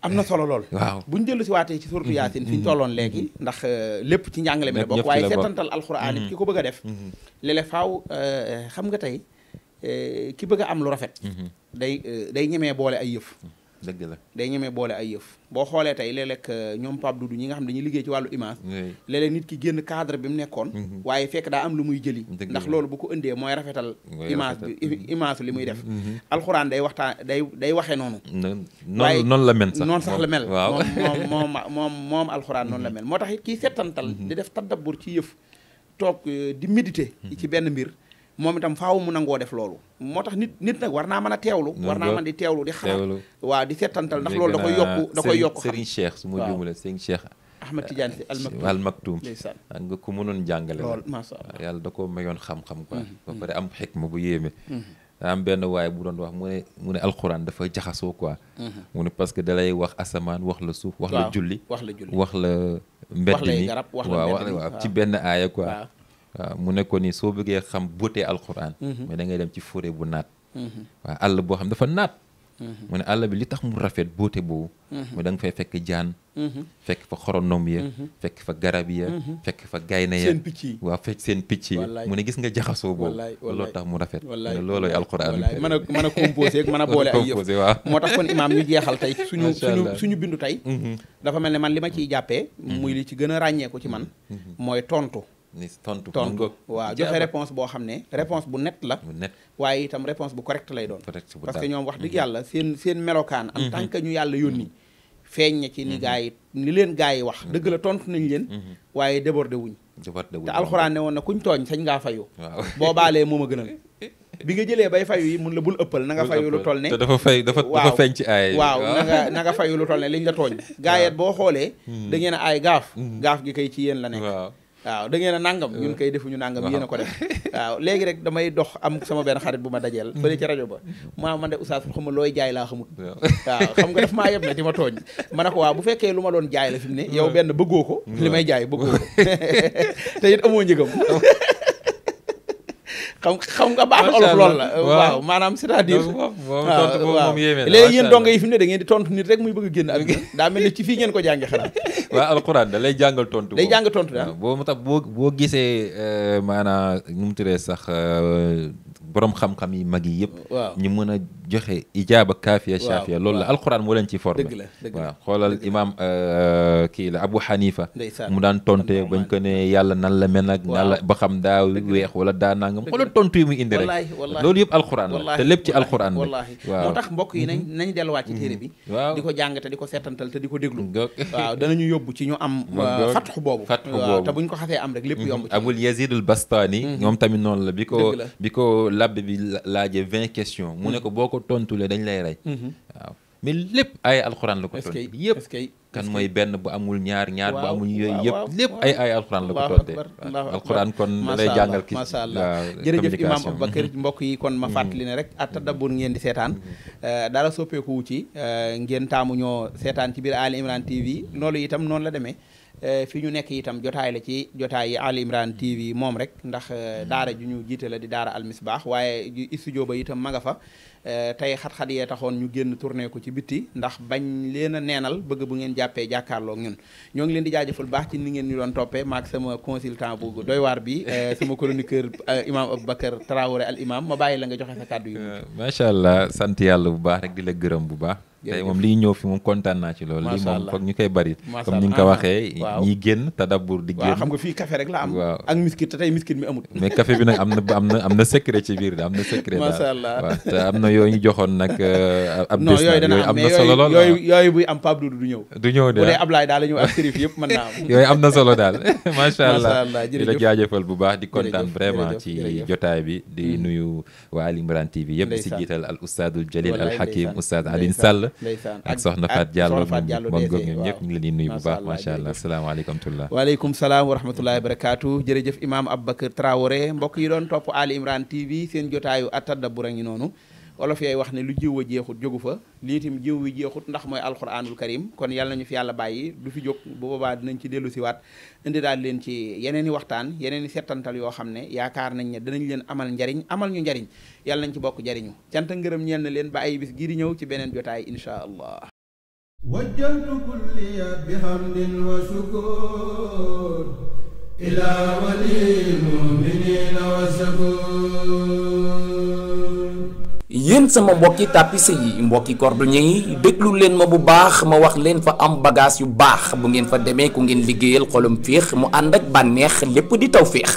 am na solo lool. waaw bu ñu dellu si waatee ci suurtu mm-hmm. yaasin fi ñu tolloon léegi. ndax euh, lépp ci njàngale mi la bokk waaye seetantal alxuraan ki ko bëgg a def. léeg-léeg faaw xam nga tey ki bëgg am lu rafet. day day ñemee boole ay yëf. dëgg la day ñemee boole ay yëf boo xoolee tey léeg-léeg euh, ñoom du du ñi nga xam dañuy liggéey ci wàllu image léeg nit ki génn cadre bi mu nekkoon mhm. waaye fekk daa am lu muy jëli ndax loolu bu ko indee mooy rafetal image bi image li muy def mhm. Mhm. alxuraan day waxtaan day day waxee noonu waaye noonu la mel sax noonu sax la mel waaw moom moom moom moom alxuraan noonu la mel moo tax it kii settantal di def tadabbur ci yëf toog euh, di méditer ci benn mbir moom itam faaw mu nangoo def loolu moo tax nit nit nag war naa mën a teewlu war naa mën di teewlu di xalaat waaw di seetantal ndax loolu da koy yokku da koy yokku Serigne Cheikh su ma juumale Serigne Cheikh Ahmed Tidiane si Al Maktoum ak nga ko mënoon jàngale lool masha Allah yàlla da ko mayoon xam-xam quoi mm-hmm. ba pare am xikma bu yéeme daa mm-hmm. am benn waaye bu doon wax mu ne mu ne alxuraan dafa jaxasoo quoi. Mm-hmm. mu ne parce que dalay wax asamaan wax la suuf. wax la julli wax la julli wax la mbedd mi wax la garab wax la mbedd mi waaw ci benn aaya quoi. waaw euh, mu nekkoon ni soo bëggee xam bootee alquran. Mhm. mais da ngay dem ci forêt bu naat. Mhm. waaw àll boo xam dafa naat. Mhm. mu ne àll bi li tax mu rafet boote boobu. mu da nga fay fekk jaan. fekk fa xoronom ya. fekk fa garab ya. fekk fa gayna ya seen picc yi waaw fekk seen picc yi. mu ne gis nga jaxasoo boobu. looloo tax mu rafet. wallaay looloo alquran bi. mën a mën a composé mën a boole ay yëf moo tax kon imaam ñu jeexal tey suñu suñu suñu bindu tey. dafa mel ne man li ma ciy jàppee. muy li ci gën a ràññeeku ci man. mooy tontu. ni tontu tontu waaw joxe réponse boo xam ne réponse bu net la waaye itam réponse bu correct lay doon parce que ñoom wax dëgg mhm. yàlla seen seen melokaan en tant mhm. ñu yàlla yoon yónni mhm. feeñ na ci ni gaa yi ni leen gaa yi wax dëgg la tontu nañ leen waaye débordé wuñ te alxuraan ne woon na kuñ tooñ sañ ngaa fayu boo baalee moom a gënal bi nga jëlee bay fayu yi mun la bul ëppal na nga lu toll ne te dafa fay dafa dafa feeñ ci aay waaw na nga na lu toll ne liñ la tooñ gaayet boo xoolee hmm. da ngeen aay gaaf hmm. gaaf gi kay ci yéen la nekk waaw da ngeen a nangam ñun koy defuñu nangam yéen a ko def waaw léegi rek damay dox am sama benn xarit bu ma dajeel fële ci rajo ba maa man de oustaz xama looy jaay laa xamut waaw xam nga daf maa yeb na di ma tooñ ma ne ko waa bu fekkee lu ma doon jaay la fim mu ne yow benn bëggoo ko li may jaay bëggoo ko te it amoo njëgam xam xam nga baax olof lool la waaw maanaam c'est-à-dire waaw léegi yéen donga yi fi ne da ngeen di tontu nit rek muy bëgg a génn ak daa mel ne ci fii ngeen ko jàngi xanaa waaw alxuraan da lay jàngal tontu day jàng tontu boo mu tax boo boo gisee euh, maanaam nu mu tuddee sax euh, borom xam-xam yi mag yi yëpp. ñu a loolu la alquran moo leen ci formé. dëgg la waaw xoolal imaam euh, kii la Abu Hanifa. mu daan tonte bañ ko ne yàlla nan la mel nag. nan la ba xam daa weex wala daa nangam. xoolal tontu yi muy indi rek. loolu yëpp alquran la te lépp ci alquran la. waaw moo tax mbokk yi nañ mhm. nañ delluwaat ci téere bi. Mhm. waaw di ko jàng te di ko seetantal te di ko déglu. waaw danañu yóbbu ci ñu am. Euh, fatxu boobu fatxu boobu te ko xasee am rek lépp yomb ci. Mhm. Abul Yazid al Bastani. labbe bi laajee vingt questions mu ne ko boo ko tontulee dañ lay rey mhm. waaw mais lépp ay alxuraan la ko tontu yëpp kan mooy benn bu amul ñaar ñaar bu amul yooyu yëpp lépp ay ay alxuraan la ko tontee alxuraan kon lay jàngal ki masha allah jërëjëf imam Aboubacar mbokk kon ma mhm. fàttali rek atadabour ngeen di seetaan mhm. eh, dara soppeeku wu ci eh, ngeen seetaan ci biir Imran TV loolu la demee Eh, fi ñu nekk itam jotaay la ci jotaay yi Ali Imran TV moom rek ndax eh, mm-hmm. daara ju ñu jiite la di daara almisbaax waaye studio ba itam ma nga fa Eh, tey xat-xat yee taxoon ñu génn tourné ko ci bitti ndax bañ leen a neenal bëgg bu ngeen jàppee jàkkaarloo ñun ñoo ngi leen di jaajëfal baax ci ni ngeen ñu doon toppee maag sama consultant bu doy waar bi eh, sama chroniqueur eh, imam Aboubacar Traoré al imam ma bàyyi la nga joxe sa kàddu yu macha allah sant yàlla bu baax rek di la gërëm bu baax tey moom liy ñëw fi moom kontaan naa ci loolu lii moom foog ñu koy bari comme ni nga ko ah. waxee ñi génn tadabbur di génn xam nga fii café rek la am waaw ak miskit te tey miskit mi bi nag am na am na am na secret ci biir da am na secret jamono ñu joxoon nag. Euh, am na solo lool yooyu yooyu buy am Pape Doudou ñëw. du ñëw de bu la ñëw ak Serif yëpp mën yooyu am na solo daal macha allah di la jaajëfal bu baax di kontaan vraiment ci jotaay bi di mm. nuyu waa Ali Imran TV yëpp si jiital al oustadul jalil al hakim oustad Alioune ak soxna Fat Diallo moom ngoog ñoom ñëpp ñu ngi leen di nuyu bu baax macha allah salaamaaleykum tullah waaleykum salaam wa rahmatullahi wa barakatu jërëjëf imam Aboubacar Traoré mbokk yi doon topp Ali Imran TV seen jotaayu atta a ngi noonu olof yaay wax ne lu jiw a jeexut jógu fa lii itam jiw wi jeexut ndax mooy alxuraanul karim kon yàlla ñu fi yàlla bàyyi du fi jóg bu boobaa dinañ ci dellu siwaat indi daal leen ci yeneen i waxtaan yeneen i settantal yoo xam ne yaakaar nañ ne danañ leen amal njariñ amal ñu njariñ yàlla nañ ci bokk njariñu cant ngërëm ñeen na leen ba ay bis gii di ñëw ci beneen jotaay insha allah wajjahtu kulliya bihamdin wa shukur ila yéen sama mbokki tapisse yi mbokki cordonnier yi déglu leen ma bu baax ma wax leen fa am bagage yu baax bu ngeen fa demee ku ngeen liggéeyal xolum féex mu ànd ak bànneex lépp di taw féex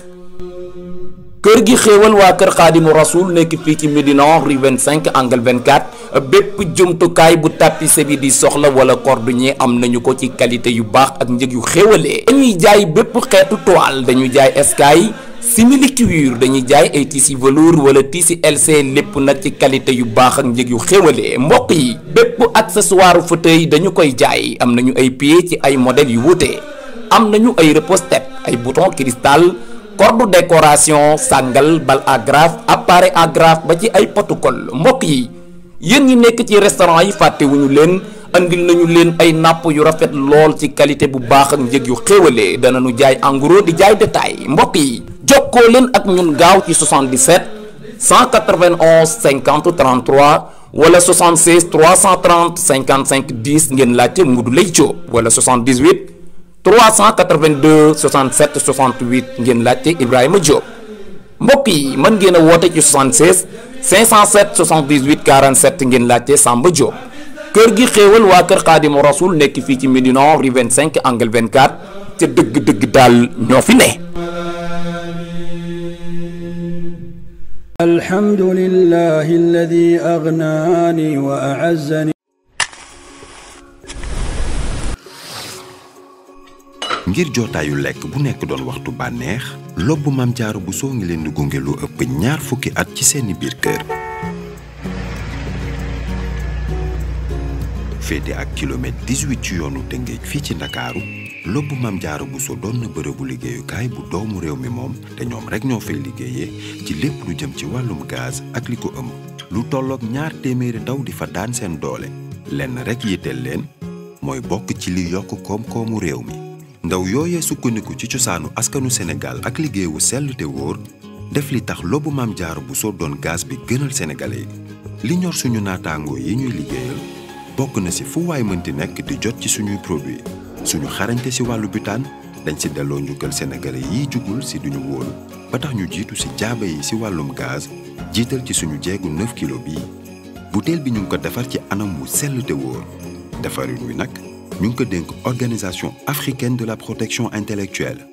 kër gi xéewal waa kër xaadimu rasul nekk fii ci Médina rue 25 angle 24 bépp jumtukaay bu tapissier bi di soxla wala cordonnier am nañu ko ci qualité yu baax ak njëg yu xéewalee dañuy jaay bépp xeetu toile dañu jaay eskay simili cuir dañuy jaay ay tissu velours wala tissu LC lépp nag ci qualité yu baax ak njëg yu xéwalee mbokk yi bépp accessoire fauteuil dañu koy jaay am nañu ay pie ci ay modèles yu wuute am nañu ay repose ay bouton cristal corde décoration sàngal bal agrafe appareil agrafe ba ci ay protocole mbokk yi yéen ñi nekk ci restaurant yi fàttewuñu leen andil nañu leen ay napp yu rafet lool ci qualité bu baax ak njëg yu xéwalee danañu jaay en di jaay détail yi. jokkoo leen ak ñun gaaw ci 77 191 50 33 wala 76 330 55 10 ngeen laajte Modou Leye Diop wala 78 382 67 68 ngeen laajte Ibrahima Diop mbokk yi mën ngeen a woote ci 76 507 78 47 ngeen laajte Samba Diop kër gi xéewal waa kër Xaadimu Rasuul nekk fii ci Médina rue 25 angle 24 te dëgg-dëgg daal ñoo fi ne. الحمد لله الذي أغناني وأعزني lekk bu nekk doon waxtu bànneex lobb Maam Jaara Buso ngi leen di gunge lu ëpp ñaar fukki at ci seeni biir kër féete ak kilomètre ci yoonu Tëngéej fii ci Ndakaaru lobbu maam jaaro buso doon na bërëbu liggéeyukaay bu doomu réew mi moom te ñoom rek ñoo fay liggéeyee ci lépp lu jëm ci wàllum gaz ak li ko ëmb lu tollook ñaar téeméeri ndaw di fa daan seen doole lenn rek yitteel leen mooy bokk ci li yokk koom-koomu réew mi ndaw yooyee sukkandiku ci cosaanu askanu Sénégal ak liggéeyu sell te wóor def li tax lobbu maam jaaro buso doon gaz bi gënal sénégalais li ñor suñu naataangoo yi ñuy liggéeyal bokk na si fu waay mënti nekk di jot ci suñuy produit suñu xarañte ci wàllu butaan dañ ci delloo njukkal sénégalais yiy jugul ci duñu wóolu ba tax ñu jiitu ci jaaba yi ci wàllum gaz jiital ci suñu jéegu 9 kilo bii butéel bi ñu ngi ko defar ci anam wu sell te wóor defarin wi nag ñu ngi ko dénk organisation africaine de la protection intellectuelle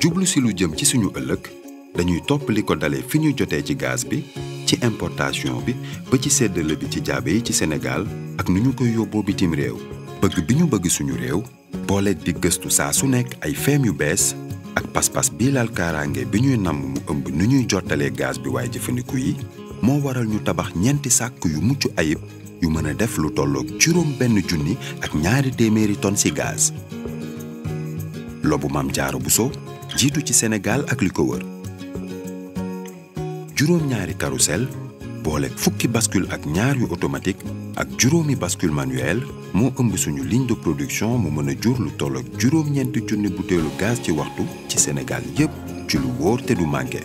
jublu si lu jëm ci suñu ëllëg dañuy topp li ko dalee fi ñuy jotee ci gaz bi ci importation bi ba ci séddale bi ci jaabe yi ci senegaal ak nu ñu koy yóbboo bitim réew bëgg bi ñu bëgg suñu réew boole di gëstu saa su nekk ay feem yu bees ak pas bii laal kaaraange bi ñuy namm mu ëmb nu ñuy jottalee gaz bi waaye jëfandiku yi moo waral ñu tabax ñeenti sàkk yu mucc ayib yu mën a def lu tollook juróom benn junni ak ñaari téeméeri tonnes ci gaz. lobu mam jaaro bu Buso jiitu ci Sénégal ak li ko wër. juróom-ñaari carrousel boole fukki baskul ak ñaar yu automatique ak juróomi bascule manuel moo ëmb suñu ligne production mu mën a jur lu toll ak juróom-ñeenti junni butéelu gaz ci waxtu ci senegal yépp ci lu wóor te du manqué.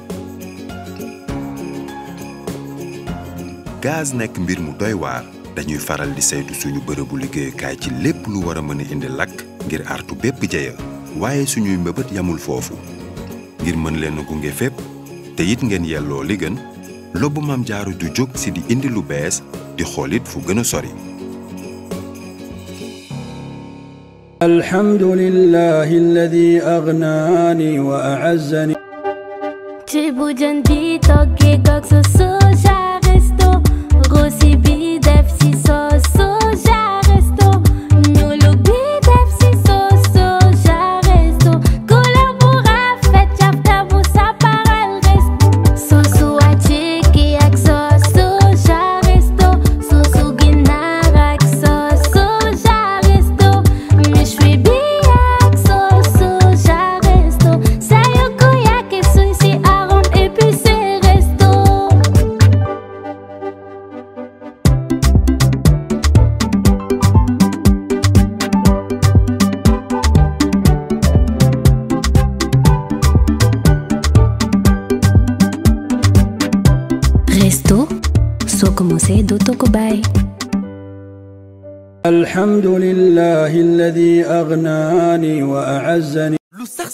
gaz nekk mbir mu doy waar dañuy faral di saytu suñu bërëbu liggéeyukaay ci lépp lu war a mën a indi lakk ngir artu bépp jeya waaye suñuy mbëbët yamul foofu ngir mën leen a gunge fépp. te it ngeen yelloo li gën lobbu maam jaaru du jóg si di indi lu bees di xoolit fu gën a sori. alhamdulillahi alladi agnaani wa a'azzani. الحمد لله الذي أغناني وأعزني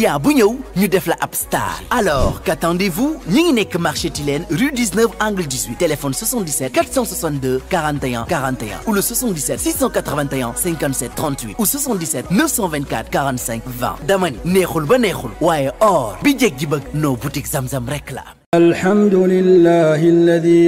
client bu ñëw ñu def la ab alors qu'attendez-vous ñi ngi marché Tilène rue 19 angle 18 téléphone 77 462 41 41 ou le 77 681 57 38 ou 77 924 45 20 dama ni neexul ba neexul waaye or bi jeg gi bëgg noo boutique Zamzam rek la alhamdulillahi alladi